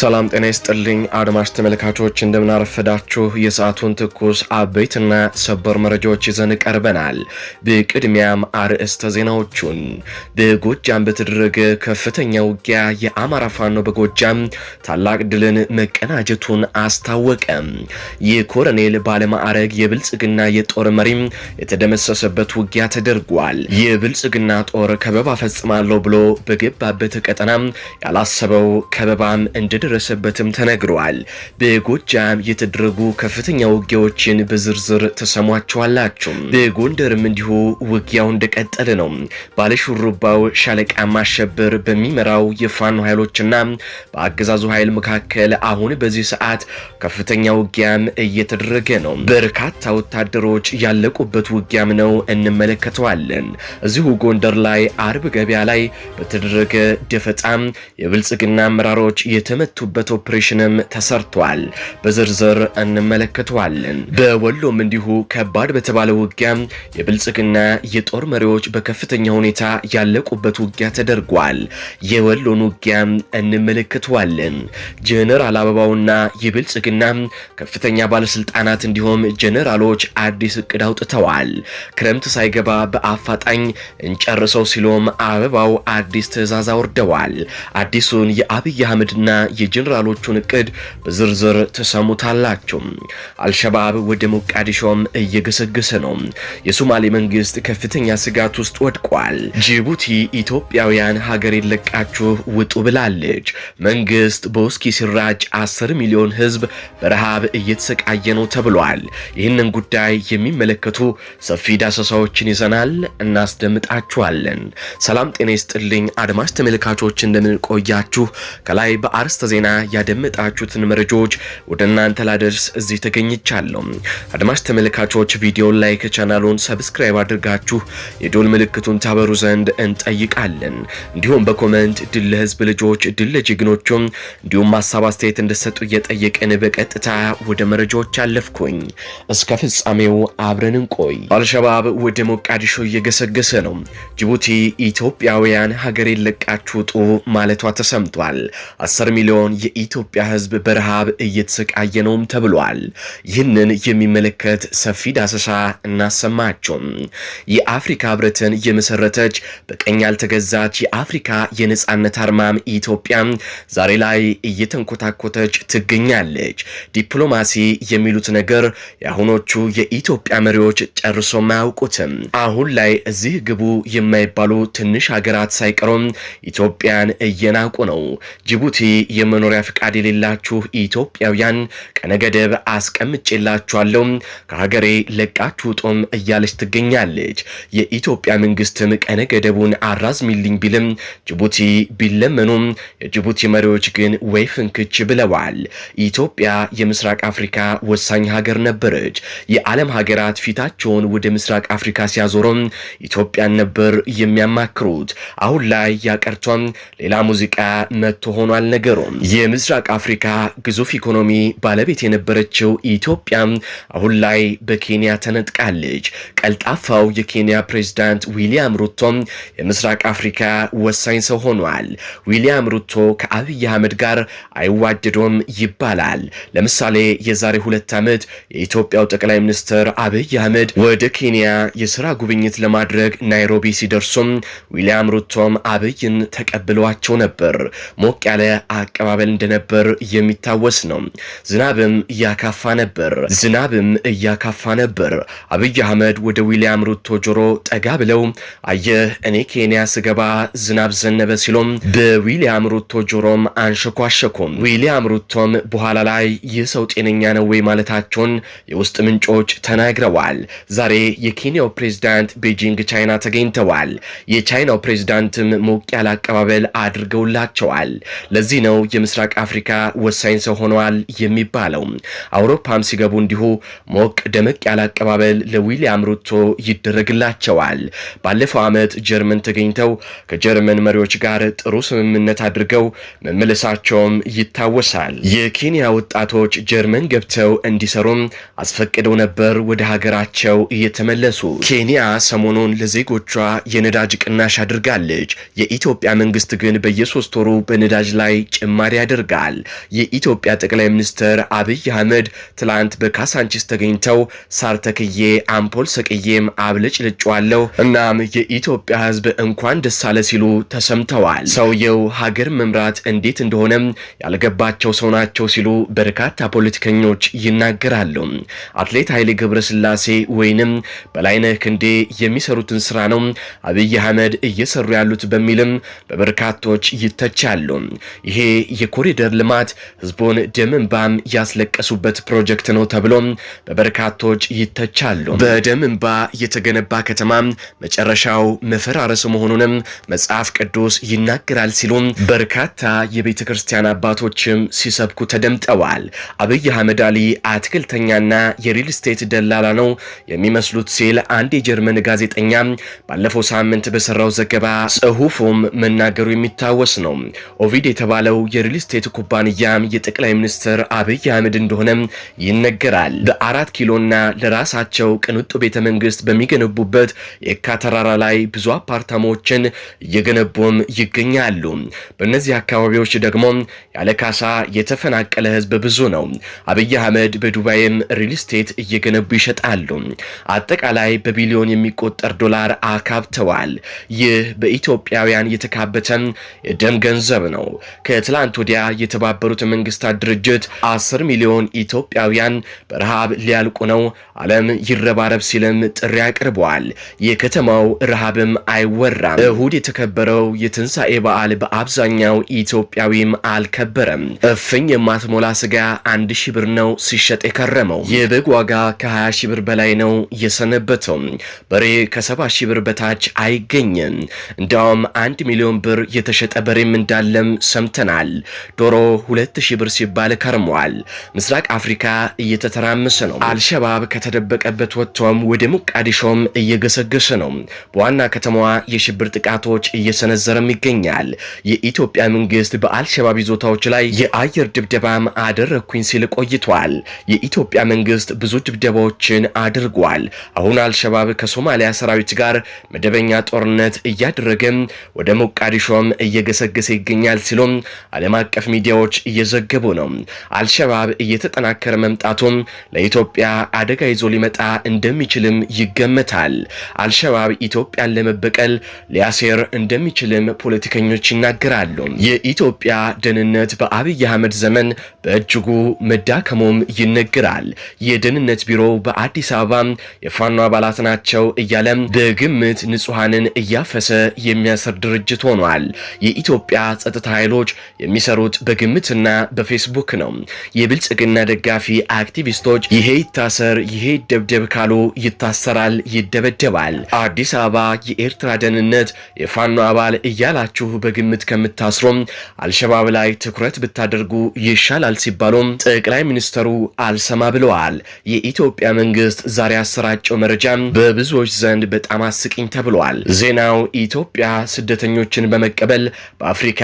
ሰላም ጤና ይስጥልኝ አድማሽ ተመልካቾች፣ እንደምናረፈዳችሁ የሰዓቱን ትኩስ አበይትና ሰበር መረጃዎች ይዘን ቀርበናል። በቅድሚያም አርዕስተ ዜናዎቹን። በጎጃም በተደረገ ከፍተኛ ውጊያ የአማራ ፋኖ በጎጃም ታላቅ ድልን መቀናጀቱን አስታወቀ። የኮሎኔል ባለማዕረግ የብልጽግና የጦር መሪም የተደመሰሰበት ውጊያ ተደርጓል። የብልጽግና ጦር ከበባ ፈጽማለሁ ብሎ በገባበት ቀጠናም ያላሰበው ከበባም እንደደ እንደደረሰበትም ተነግረዋል። በጎጃም የተደረጉ ከፍተኛ ውጊያዎችን በዝርዝር ተሰሟቸዋላችሁ። በጎንደርም እንዲሁ ውጊያው እንደቀጠለ ነው። ባለሹሩባው ሻለቃ ማሸበር በሚመራው የፋኖ ኃይሎችና በአገዛዙ ኃይል መካከል አሁን በዚህ ሰዓት ከፍተኛ ውጊያም እየተደረገ ነው። በርካታ ወታደሮች ያለቁበት ውጊያም ነው፣ እንመለከተዋለን። እዚሁ ጎንደር ላይ አርብ ገበያ ላይ በተደረገ ደፈጣም የብልጽግና አመራሮች የተመቱ የመቱበት ኦፕሬሽንም ተሰርቷል። በዝርዝር እንመለከተዋለን። በወሎም እንዲሁ ከባድ በተባለ ውጊያ የብልጽግና የጦር መሪዎች በከፍተኛ ሁኔታ ያለቁበት ውጊያ ተደርጓል። የወሎን ውጊያ እንመለከተዋለን። ጀነራል አበባውና የብልጽግና ከፍተኛ ባለስልጣናት እንዲሁም ጀነራሎች አዲስ እቅድ አውጥተዋል። ክረምት ሳይገባ በአፋጣኝ እንጨርሰው ሲሎም አበባው አዲስ ትዕዛዝ አውርደዋል። አዲሱን የአብይ አህመድና የ የጄኔራሎቹን እቅድ በዝርዝር ተሰሙታላቸው። አልሸባብ ወደ ሞቃዲሾም እየገሰገሰ ነው። የሶማሌ መንግስት ከፍተኛ ስጋት ውስጥ ወድቋል። ጅቡቲ ኢትዮጵያውያን ሀገር የለቃችሁ ውጡ ብላለች። መንግስት በውስኪ ሲራጭ 10 ሚሊዮን ህዝብ በረሃብ እየተሰቃየ ነው ተብሏል። ይህንን ጉዳይ የሚመለከቱ ሰፊ ዳሰሳዎችን ይዘናል፣ እናስደምጣችኋለን። ሰላም ጤና ይስጥልኝ አድማጭ ተመልካቾች እንደምንቆያችሁ ከላይ በአርስተ ዜና ያደመጣችሁትን መረጃዎች ወደ እናንተ ላደርስ እዚህ ተገኝቻለሁ። አድማጭ ተመልካቾች ቪዲዮን ላይክ፣ ቻናሉን ሰብስክራይብ አድርጋችሁ የዶል ምልክቱን ታበሩ ዘንድ እንጠይቃለን። እንዲሁም በኮመንት ድል ለህዝብ ልጆች፣ ድል ለጀግኖቹም እንዲሁም ሀሳብ አስተያየት እንድሰጡ እየጠየቅን በቀጥታ ወደ መረጃዎች አለፍኩኝ። እስከ ፍጻሜው አብረን እንቆይ። አልሸባብ ወደ ሞቃዲሾ እየገሰገሰ ነው። ጅቡቲ ኢትዮጵያውያን ሀገሬን ለቃችሁ ውጡ ማለቷ ተሰምቷል። 10 ሚሊዮን የሚሆን የኢትዮጵያ ህዝብ በረሃብ እየተሰቃየ ነውም ተብሏል። ይህንን የሚመለከት ሰፊ ዳሰሳ እናሰማቸውም። የአፍሪካ ህብረትን የመሰረተች በቀኝ ያልተገዛች የአፍሪካ የነጻነት አርማም ኢትዮጵያ ዛሬ ላይ እየተንኮታኮተች ትገኛለች። ዲፕሎማሲ የሚሉት ነገር የአሁኖቹ የኢትዮጵያ መሪዎች ጨርሶ አያውቁትም። አሁን ላይ እዚህ ግቡ የማይባሉ ትንሽ ሀገራት ሳይቀሩም ኢትዮጵያን እየናቁ ነው። ጅቡቲ የመ የመኖሪያ ፍቃድ የሌላችሁ ኢትዮጵያውያን ቀነገደብ አስቀምጬላችኋለሁ ከሀገሬ ለቃችሁ ውጡም እያለች ትገኛለች። የኢትዮጵያ መንግስትም ቀነገደቡን አራዝሚልኝ ቢልም ጅቡቲ ቢለመኑም የጅቡቲ መሪዎች ግን ወይ ፍንክች ብለዋል። ኢትዮጵያ የምስራቅ አፍሪካ ወሳኝ ሀገር ነበረች። የዓለም ሀገራት ፊታቸውን ወደ ምስራቅ አፍሪካ ሲያዞሩም ኢትዮጵያን ነበር የሚያማክሩት። አሁን ላይ ያቀርቷም ሌላ ሙዚቃ መጥቶ ሆኗል ነገሩም የምስራቅ አፍሪካ ግዙፍ ኢኮኖሚ ባለቤት የነበረችው ኢትዮጵያ አሁን ላይ በኬንያ ተነጥቃለች። ቀልጣፋው የኬንያ ፕሬዝዳንት ዊሊያም ሩቶ የምስራቅ አፍሪካ ወሳኝ ሰው ሆኗል። ዊሊያም ሩቶ ከአብይ አህመድ ጋር አይዋደዶም ይባላል። ለምሳሌ የዛሬ ሁለት ዓመት የኢትዮጵያው ጠቅላይ ሚኒስትር አብይ አህመድ ወደ ኬንያ የስራ ጉብኝት ለማድረግ ናይሮቢ ሲደርሱም ዊሊያም ሩቶም አብይን ተቀብለዋቸው ነበር። ሞቅ ያለ አቀባ አቀባበል እንደነበር የሚታወስ ነው። ዝናብም እያካፋ ነበር ዝናብም እያካፋ ነበር። አብይ አህመድ ወደ ዊሊያም ሩቶ ጆሮ ጠጋ ብለው አየህ እኔ ኬንያ ስገባ ዝናብ ዘነበ ሲሎም በዊልያም ሩቶ ጆሮም አንሸኳሸኩም። ዊሊያም ሩቶም በኋላ ላይ ይህ ሰው ጤነኛ ነው ወይ ማለታቸውን የውስጥ ምንጮች ተናግረዋል። ዛሬ የኬንያው ፕሬዝዳንት ቤጂንግ ቻይና ተገኝተዋል። የቻይናው ፕሬዝዳንትም ሞቅ ያለ አቀባበል አድርገውላቸዋል። ለዚህ ነው የምስራቅ አፍሪካ ወሳኝ ሰው ሆነዋል የሚባለው። አውሮፓም ሲገቡ እንዲሁ ሞቅ ደመቅ ያለ አቀባበል ለዊሊያም ሩቶ ይደረግላቸዋል። ባለፈው ዓመት ጀርመን ተገኝተው ከጀርመን መሪዎች ጋር ጥሩ ስምምነት አድርገው መመለሳቸውም ይታወሳል። የኬንያ ወጣቶች ጀርመን ገብተው እንዲሰሩም አስፈቅደው ነበር ወደ ሀገራቸው እየተመለሱ። ኬንያ ሰሞኑን ለዜጎቿ የነዳጅ ቅናሽ አድርጋለች። የኢትዮጵያ መንግስት ግን በየሶስት ወሩ በነዳጅ ላይ ጭማ ተጨማሪ ያደርጋል። የኢትዮጵያ ጠቅላይ ሚኒስትር አብይ አህመድ ትላንት በካሳንቺስ ተገኝተው ሳርተክዬ አምፖል ሰቅዬም አብልጭ ልጫዋለሁ እናም የኢትዮጵያ ህዝብ እንኳን ደስ አለ ሲሉ ተሰምተዋል። ሰውየው ሀገር መምራት እንዴት እንደሆነም ያልገባቸው ሰው ናቸው ሲሉ በርካታ ፖለቲከኞች ይናገራሉ። አትሌት ኃይሌ ገብረስላሴ ወይንም በላይነህ ክንዴ የሚሰሩትን ስራ ነው አብይ አህመድ እየሰሩ ያሉት በሚልም በበርካቶች ይተቻሉ። ይሄ የኮሪደር ልማት ህዝቡን ደም ያስለቀሱበት ፕሮጀክት ነው ተብሎም በበርካቶች ይተቻሉ። በደም የተገነባ ከተማ መጨረሻው መፈራረስ መሆኑንም መጽሐፍ ቅዱስ ይናገራል ሲሉ በርካታ የቤተ ክርስቲያን አባቶችም ሲሰብኩ ተደምጠዋል። አብይ አህመድ አሊ አትክልተኛና የሪል ስቴት ደላላ ነው የሚመስሉት ሲል አንድ የጀርመን ጋዜጠኛ ባለፈው ሳምንት በሰራው ዘገባ ጽሁፉም መናገሩ የሚታወስ ነው። ኦቪድ የተባለው የ የሪል ስቴት ኩባንያም የጠቅላይ ሚኒስትር አብይ አህመድ እንደሆነ ይነገራል። በአራት ኪሎና ለራሳቸው ቅንጡ ቤተ መንግስት በሚገነቡበት የካ ተራራ ላይ ብዙ አፓርታማዎችን እየገነቡም ይገኛሉ። በእነዚህ አካባቢዎች ደግሞ ያለ ካሳ የተፈናቀለ ህዝብ ብዙ ነው። አብይ አህመድ በዱባይም ሪል ስቴት እየገነቡ ይሸጣሉ። አጠቃላይ በቢሊዮን የሚቆጠር ዶላር አካብተዋል። ይህ በኢትዮጵያውያን የተካበተ የደም ገንዘብ ነው። ከትላንቱ ወዲያ የተባበሩት መንግስታት ድርጅት አስር ሚሊዮን ኢትዮጵያውያን በረሃብ ሊያልቁ ነው፣ ዓለም ይረባረብ ሲልም ጥሪ አቅርበዋል። የከተማው ረሃብም አይወራም። እሁድ የተከበረው የትንሣኤ በዓል በአብዛኛው ኢትዮጵያዊም አልከበረም። እፍኝ የማትሞላ ስጋ አንድ ሺ ብር ነው ሲሸጥ የከረመው። የበግ ዋጋ ከ20 ሺ ብር በላይ ነው የሰነበተው። በሬ ከ70 ሺ ብር በታች አይገኝም። እንዲያውም አንድ ሚሊዮን ብር የተሸጠ በሬም እንዳለም ሰምተናል። ዶሮ 2000 ብር ሲባል ከርሟል። ምስራቅ አፍሪካ እየተተራመሰ ነው። አልሸባብ ከተደበቀበት ወጥቶም ወደ ሞቃዲሾም እየገሰገሰ ነው። በዋና ከተማዋ የሽብር ጥቃቶች እየሰነዘረም ይገኛል። የኢትዮጵያ መንግስት በአልሸባብ ይዞታዎች ላይ የአየር ድብደባም አደረግኩኝ ሲል ቆይቷል። የኢትዮጵያ መንግስት ብዙ ድብደባዎችን አድርጓል። አሁን አልሸባብ ከሶማሊያ ሰራዊት ጋር መደበኛ ጦርነት እያደረገም ወደ ሞቃዲሾም እየገሰገሰ ይገኛል ሲሉም ዓለም አቀፍ ሚዲያዎች እየዘገቡ ነው። አልሸባብ እየተጠናከረ መምጣቱም ለኢትዮጵያ አደጋ ይዞ ሊመጣ እንደሚችልም ይገመታል። አልሸባብ ኢትዮጵያን ለመበቀል ሊያሴር እንደሚችልም ፖለቲከኞች ይናገራሉ። የኢትዮጵያ ደህንነት በአብይ አህመድ ዘመን በእጅጉ መዳከሙም ይነገራል። የደህንነት ቢሮ በአዲስ አበባ የፋኖ አባላት ናቸው እያለም በግምት ንጹሐንን እያፈሰ የሚያስር ድርጅት ሆኗል። የኢትዮጵያ ጸጥታ ኃይሎች የሚ የሚሰሩት በግምትና በፌስቡክ ነው። የብልጽግና ደጋፊ አክቲቪስቶች ይሄ ይታሰር፣ ይሄ ይደብደብ ካሉ ይታሰራል፣ ይደበደባል። አዲስ አበባ የኤርትራ ደህንነት የፋኖ አባል እያላችሁ በግምት ከምታስሩም አልሸባብ ላይ ትኩረት ብታደርጉ ይሻላል ሲባሉም ጠቅላይ ሚኒስተሩ አልሰማ ብለዋል። የኢትዮጵያ መንግስት ዛሬ አሰራጨው መረጃ በብዙዎች ዘንድ በጣም አስቂኝ ተብሏል። ዜናው ኢትዮጵያ ስደተኞችን በመቀበል በአፍሪካ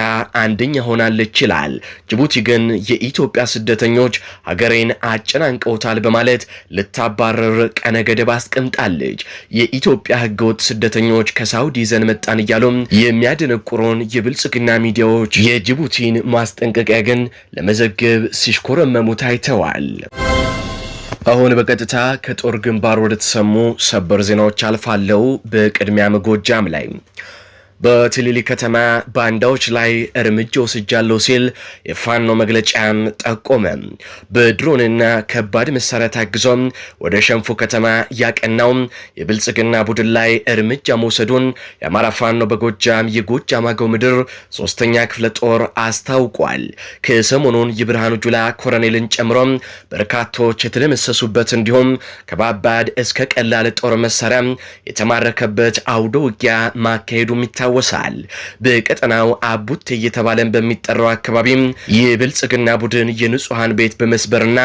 አንደኛ ሆናለች ሊወስድ ይችላል። ጅቡቲ ግን የኢትዮጵያ ስደተኞች ሀገሬን አጨናንቀውታል በማለት ልታባረር ቀነ ገደብ አስቀምጣለች። የኢትዮጵያ ህገወጥ ስደተኞች ከሳውዲ ይዘን መጣን እያሉም የሚያደነቁሩን የብልጽግና ሚዲያዎች የጅቡቲን ማስጠንቀቂያ ግን ለመዘገብ ሲሽኮረመሙ ታይተዋል። አሁን በቀጥታ ከጦር ግንባር ወደ ተሰሙ ሰበር ዜናዎች አልፋለሁ። በቅድሚያ መጎጃም ላይ በትልሊ ከተማ ባንዳዎች ላይ እርምጃ ወስጃለሁ ሲል የፋኖ መግለጫም ጠቆመ። በድሮንና ከባድ መሳሪያ ታግዞም ወደ ሸንፎ ከተማ ያቀናው የብልጽግና ቡድን ላይ እርምጃ መውሰዱን የአማራ ፋኖ በጎጃም የጎጃም አገው ምድር ሶስተኛ ክፍለ ጦር አስታውቋል። ከሰሞኑን የብርሃኑ ጁላ ኮሎኔልን ጨምሮም በርካቶች የተደመሰሱበት እንዲሁም ከባባድ እስከ ቀላል ጦር መሳሪያ የተማረከበት አውደ ውጊያ ማካሄዱም ይታወቃል። ይታወሳል። በቀጠናው አቡቴ እየተባለን በሚጠራው አካባቢም የብልጽግና ቡድን የንጹሐን ቤት በመስበርና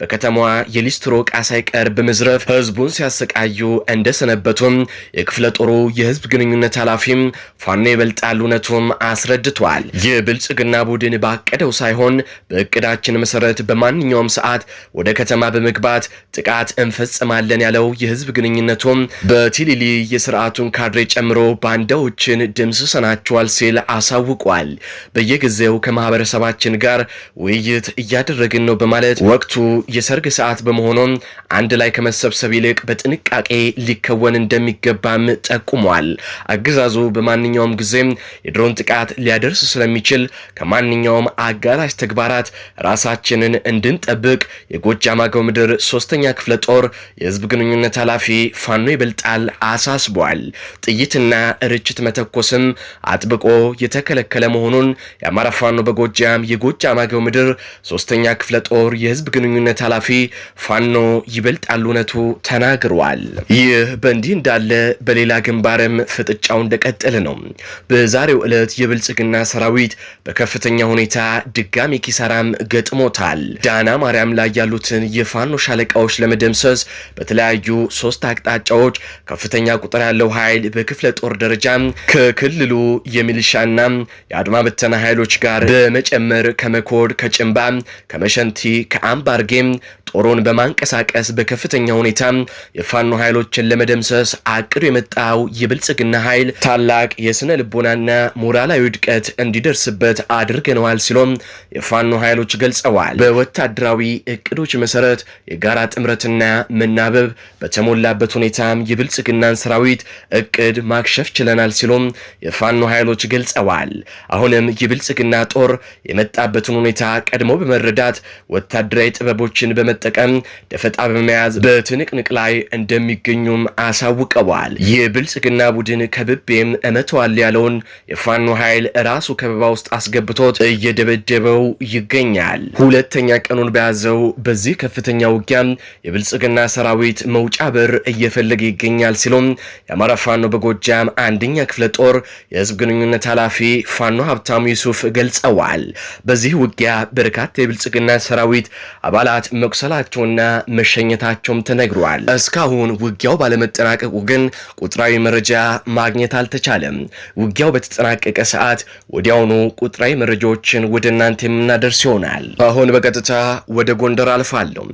በከተማዋ የሊስትሮ ዕቃ ሳይቀር በመዝረፍ ህዝቡን ሲያሰቃዩ እንደሰነበቱም የክፍለ ጦሩ የህዝብ ግንኙነት ኃላፊም ፋኖ ይበልጣል እውነቱም አስረድቷል። የብልጽግና ቡድን ባቀደው ሳይሆን በእቅዳችን መሰረት በማንኛውም ሰዓት ወደ ከተማ በመግባት ጥቃት እንፈጽማለን ያለው የህዝብ ግንኙነቱም በቲሊሊ የስርዓቱን ካድሬ ጨምሮ ባንዳዎችን ደምስሰናቸዋል ሲል አሳውቋል። በየጊዜው ከማህበረሰባችን ጋር ውይይት እያደረግን ነው በማለት ወቅቱ የሰርግ ሰዓት በመሆኑም አንድ ላይ ከመሰብሰብ ይልቅ በጥንቃቄ ሊከወን እንደሚገባም ጠቁሟል። አገዛዙ በማንኛውም ጊዜም የድሮን ጥቃት ሊያደርስ ስለሚችል ከማንኛውም አጋላሽ ተግባራት ራሳችንን እንድንጠብቅ የጎጃም አገው ምድር ሶስተኛ ክፍለ ጦር የህዝብ ግንኙነት ኃላፊ ፋኖ ይበልጣል አሳስቧል። ጥይትና ርችት መተኮ መተኮስም አጥብቆ የተከለከለ መሆኑን የአማራ ፋኖ በጎጃም የጎጃም አገው ምድር ሶስተኛ ክፍለ ጦር የህዝብ ግንኙነት ኃላፊ ፋኖ ይበልጣል እውነቱ ተናግሯል። ይህ በእንዲህ እንዳለ በሌላ ግንባርም ፍጥጫው እንደቀጠለ ነው። በዛሬው ዕለት የብልጽግና ሰራዊት በከፍተኛ ሁኔታ ድጋሚ ኪሳራም ገጥሞታል። ዳና ማርያም ላይ ያሉትን የፋኖ ሻለቃዎች ለመደምሰስ በተለያዩ ሶስት አቅጣጫዎች ከፍተኛ ቁጥር ያለው ኃይል በክፍለ ጦር ደረጃ ከክልሉ የሚሊሻና የአድማ በተና ኃይሎች ጋር በመጨመር ከመኮድ፣ ከጭንባ፣ ከመሸንቲ፣ ከአምባርጌም ጦሩን በማንቀሳቀስ በከፍተኛ ሁኔታ የፋኖ ኃይሎችን ለመደምሰስ አቅዶ የመጣው የብልጽግና ኃይል ታላቅ የስነ ልቦናና ሞራላዊ ውድቀት እንዲደርስበት አድርገነዋል ሲሎም የፋኖ ኃይሎች ገልጸዋል። በወታደራዊ እቅዶች መሰረት የጋራ ጥምረትና መናበብ በተሞላበት ሁኔታም የብልጽግናን ሰራዊት እቅድ ማክሸፍ ችለናል ሲሎም የፋኖ ኃይሎች ገልጸዋል። አሁንም የብልጽግና ጦር የመጣበትን ሁኔታ ቀድሞ በመረዳት ወታደራዊ ጥበቦችን በመጠቀም ደፈጣ በመያዝ በትንቅንቅ ላይ እንደሚገኙም አሳውቀዋል። የብልጽግና ቡድን ከብቤም እመተዋል ያለውን የፋኖ ኃይል ራሱ ከበባ ውስጥ አስገብቶት እየደበደበው ይገኛል። ሁለተኛ ቀኑን በያዘው በዚህ ከፍተኛ ውጊያም የብልጽግና ሰራዊት መውጫ በር እየፈለገ ይገኛል ሲሉም የአማራ ፋኖ በጎጃም አንደኛ ክፍለ ጦር ጦር የህዝብ ግንኙነት ኃላፊ ፋኖ ሀብታሙ ዩሱፍ ገልጸዋል። በዚህ ውጊያ በርካታ የብልጽግና ሰራዊት አባላት መቁሰላቸውና መሸኘታቸውም ተነግሯል። እስካሁን ውጊያው ባለመጠናቀቁ ግን ቁጥራዊ መረጃ ማግኘት አልተቻለም። ውጊያው በተጠናቀቀ ሰዓት ወዲያውኑ ቁጥራዊ መረጃዎችን ወደ እናንተ የምናደርስ ይሆናል። አሁን በቀጥታ ወደ ጎንደር አልፋለሁ።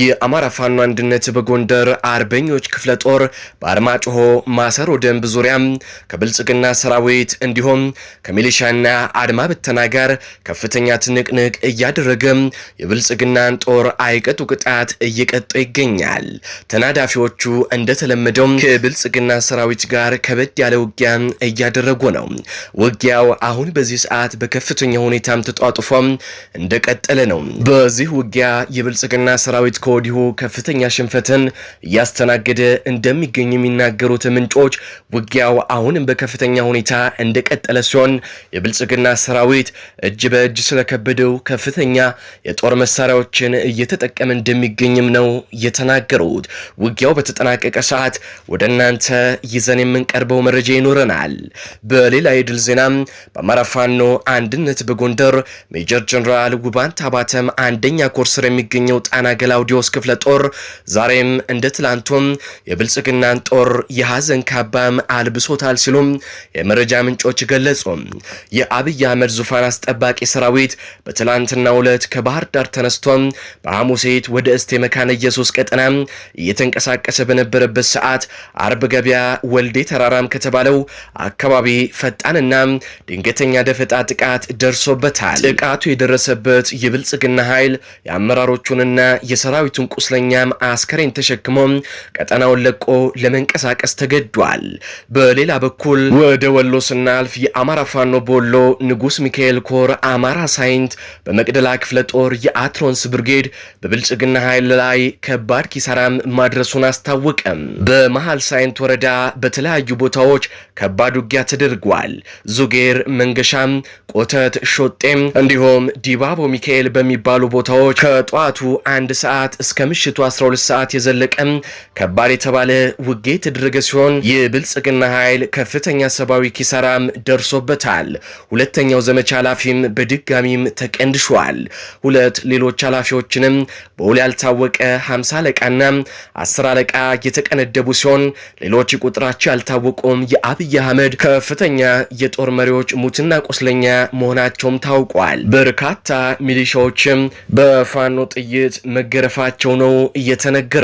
የአማራ ፋኖ አንድነት በጎንደር አርበኞች ክፍለ ጦር በአርማጭሆ ማሰሮ ደንብ ዙሪያም ከብልጽ ብልጽግና ሰራዊት እንዲሁም ከሚሊሻና አድማ ብተና ጋር ከፍተኛ ትንቅንቅ እያደረገ የብልጽግናን ጦር አይቀጡ ቅጣት እየቀጡ ይገኛል። ተናዳፊዎቹ እንደተለመደው ከብልጽግና ሰራዊት ጋር ከበድ ያለ ውጊያ እያደረጉ ነው። ውጊያው አሁን በዚህ ሰዓት በከፍተኛ ሁኔታም ተጧጥፎ እንደቀጠለ ነው። በዚህ ውጊያ የብልጽግና ሰራዊት ከወዲሁ ከፍተኛ ሽንፈትን እያስተናገደ እንደሚገኝ የሚናገሩት ምንጮች ውጊያው አሁንም በከፍ በከፍተኛ ሁኔታ እንደቀጠለ ሲሆን የብልጽግና ሰራዊት እጅ በእጅ ስለከበደው ከፍተኛ የጦር መሳሪያዎችን እየተጠቀመ እንደሚገኝም ነው የተናገሩት። ውጊያው በተጠናቀቀ ሰዓት ወደ እናንተ ይዘን የምንቀርበው መረጃ ይኖረናል። በሌላ የድል ዜናም በአማራ ፋኖ አንድነት በጎንደር ሜጀር ጀኔራል ውባንት አባተም አንደኛ ኮርስር የሚገኘው ጣና ገላውዲዮስ ክፍለ ጦር ዛሬም እንደ ትላንቱም የብልጽግናን ጦር የሐዘን ካባም አልብሶታል ሲሉም የመረጃ ምንጮች ገለጹ። የአብይ አህመድ ዙፋን አስጠባቂ ሰራዊት በትላንትናው ዕለት ከባህር ዳር ተነስቶ በሐሙሴት ወደ እስቴ መካነ ኢየሱስ ቀጠና እየተንቀሳቀሰ በነበረበት ሰዓት አርብ ገበያ ወልዴ ተራራም ከተባለው አካባቢ ፈጣንና ድንገተኛ ደፈጣ ጥቃት ደርሶበታል። ጥቃቱ የደረሰበት የብልጽግና ኃይል የአመራሮቹንና የሰራዊቱን ቁስለኛም አስከሬን ተሸክሞ ቀጠናውን ለቆ ለመንቀሳቀስ ተገዷል። በሌላ በኩል ወደ ወሎ ስናልፍ የአማራ ፋኖ ቦሎ ንጉስ ሚካኤል ኮር አማራ ሳይንት በመቅደላ ክፍለ ጦር የአትሮንስ ብርጌድ በብልጽግና ኃይል ላይ ከባድ ኪሳራም ማድረሱን አስታወቀ። በመሃል ሳይንት ወረዳ በተለያዩ ቦታዎች ከባድ ውጊያ ተደርጓል። ዙጌር፣ መንገሻም፣ ቆተት፣ ሾጤም እንዲሁም ዲባቦ ሚካኤል በሚባሉ ቦታዎች ከጠዋቱ አንድ ሰዓት እስከ ምሽቱ 12 ሰዓት የዘለቀም ከባድ የተባለ ውጊያ የተደረገ ሲሆን የብልጽግና ኃይል ከፍተኛ ሰብአዊ ኪሳራም ደርሶበታል። ሁለተኛው ዘመቻ ኃላፊም በድጋሚም ተቀንድሸዋል። ሁለት ሌሎች ኃላፊዎችንም በውል ያልታወቀ 50 አለቃና 10 አለቃ የተቀነደቡ ሲሆን ሌሎች ቁጥራቸው ያልታወቁም የአብይ አህመድ ከፍተኛ የጦር መሪዎች ሙትና ቁስለኛ መሆናቸውም ታውቋል። በርካታ ሚሊሻዎችም በፋኖ ጥይት መገረፋቸው ነው እየተነገረው።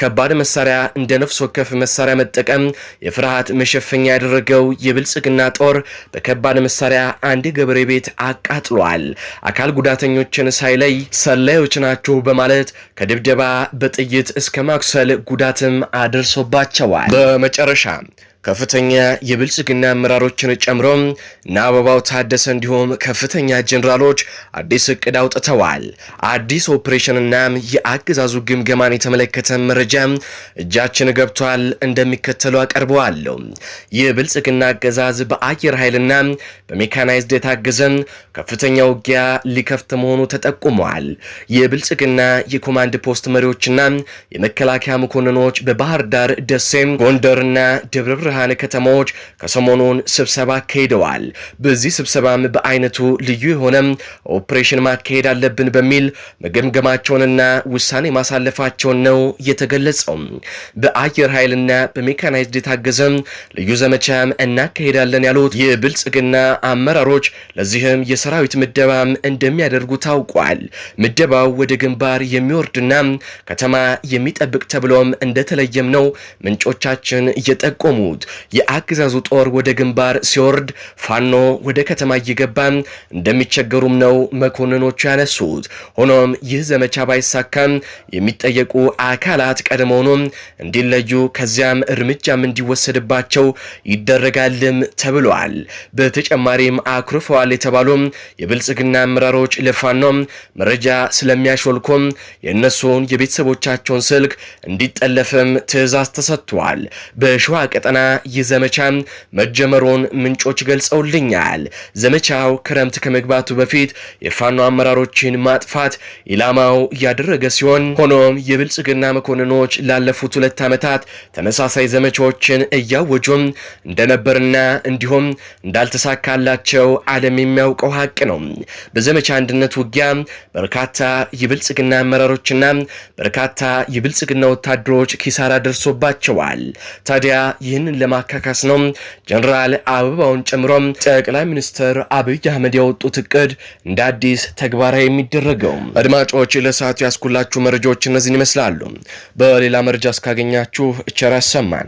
ከባድ መሳሪያ እንደ ነፍስ ወከፍ መሳሪያ መጠቀም የፍርሃት መሸፈኛ ያደረ ያደረገው የብልጽግና ጦር በከባድ መሳሪያ አንድ ገበሬ ቤት አቃጥሏል። አካል ጉዳተኞችን ሳይለይ ሰላዮች ናችሁ በማለት ከድብደባ በጥይት እስከ ማኩሰል ጉዳትም አድርሶባቸዋል። በመጨረሻ ከፍተኛ የብልጽግና አመራሮችን ጨምሮ እነ አበባው ታደሰ እንዲሁም ከፍተኛ ጀኔራሎች አዲስ እቅድ አውጥተዋል። አዲስ ኦፕሬሽንና የአገዛዙ ግምገማን የተመለከተ መረጃ እጃችን ገብቷል፣ እንደሚከተሉ አቀርበዋለሁ። የብልጽግና አገዛዝ በአየር ኃይልና በሜካናይዝድ የታገዘ ከፍተኛ ውጊያ ሊከፍት መሆኑ ተጠቁሟል። የብልጽግና የኮማንድ ፖስት መሪዎችና የመከላከያ መኮንኖች በባህር ዳር፣ ደሴም፣ ጎንደርና ደብረ ብርሃን ከተሞች ከሰሞኑን ስብሰባ አካሂደዋል። በዚህ ስብሰባም በአይነቱ ልዩ የሆነ ኦፕሬሽን ማካሄድ አለብን በሚል መገምገማቸውንና ውሳኔ ማሳለፋቸውን ነው የተገለጸው። በአየር ኃይልና በሜካናይዝድ የታገዘም ልዩ ዘመቻም እናካሄዳለን ያሉት የብልጽግና አመራሮች ለዚህም የሰራዊት ምደባም እንደሚያደርጉ ታውቋል። ምደባው ወደ ግንባር የሚወርድና ከተማ የሚጠብቅ ተብሎም እንደተለየም ነው ምንጮቻችን እየጠቆሙት። ያሉት የአገዛዙ ጦር ወደ ግንባር ሲወርድ ፋኖ ወደ ከተማ እየገባ እንደሚቸገሩም ነው መኮንኖቹ ያነሱት። ሆኖም ይህ ዘመቻ ባይሳካም የሚጠየቁ አካላት ቀድሞውኑም እንዲለዩ ከዚያም እርምጃም እንዲወሰድባቸው ይደረጋልም ተብሏል። በተጨማሪም አኩርፈዋል የተባሉም የብልጽግና አመራሮች ለፋኖም መረጃ ስለሚያሾልኩም የእነሱን የቤተሰቦቻቸውን ስልክ እንዲጠለፍም ትዕዛዝ ተሰጥቷል። በሸዋ ቀጠና ይህ ዘመቻ መጀመሩን ምንጮች ገልጸውልኛል። ዘመቻው ክረምት ከመግባቱ በፊት የፋኖ አመራሮችን ማጥፋት ኢላማው ያደረገ ሲሆን ሆኖም የብልጽግና መኮንኖች ላለፉት ሁለት ዓመታት ተመሳሳይ ዘመቻዎችን እያወጁም እንደነበርና እንዲሁም እንዳልተሳካላቸው ዓለም የሚያውቀው ሀቅ ነው። በዘመቻ አንድነት ውጊያ በርካታ የብልጽግና አመራሮችና በርካታ የብልጽግና ወታደሮች ኪሳራ ደርሶባቸዋል። ታዲያ ይህንን ለማካካስ ነው ጀነራል አበባውን ጨምሮ ጠቅላይ ሚኒስትር አብይ አህመድ ያወጡት እቅድ እንደ አዲስ ተግባራዊ የሚደረገው። አድማጮች ለሰዓቱ ያስኩላችሁ መረጃዎች እነዚህን ይመስላሉ። በሌላ መረጃ እስካገኛችሁ ቸር ያሰማን።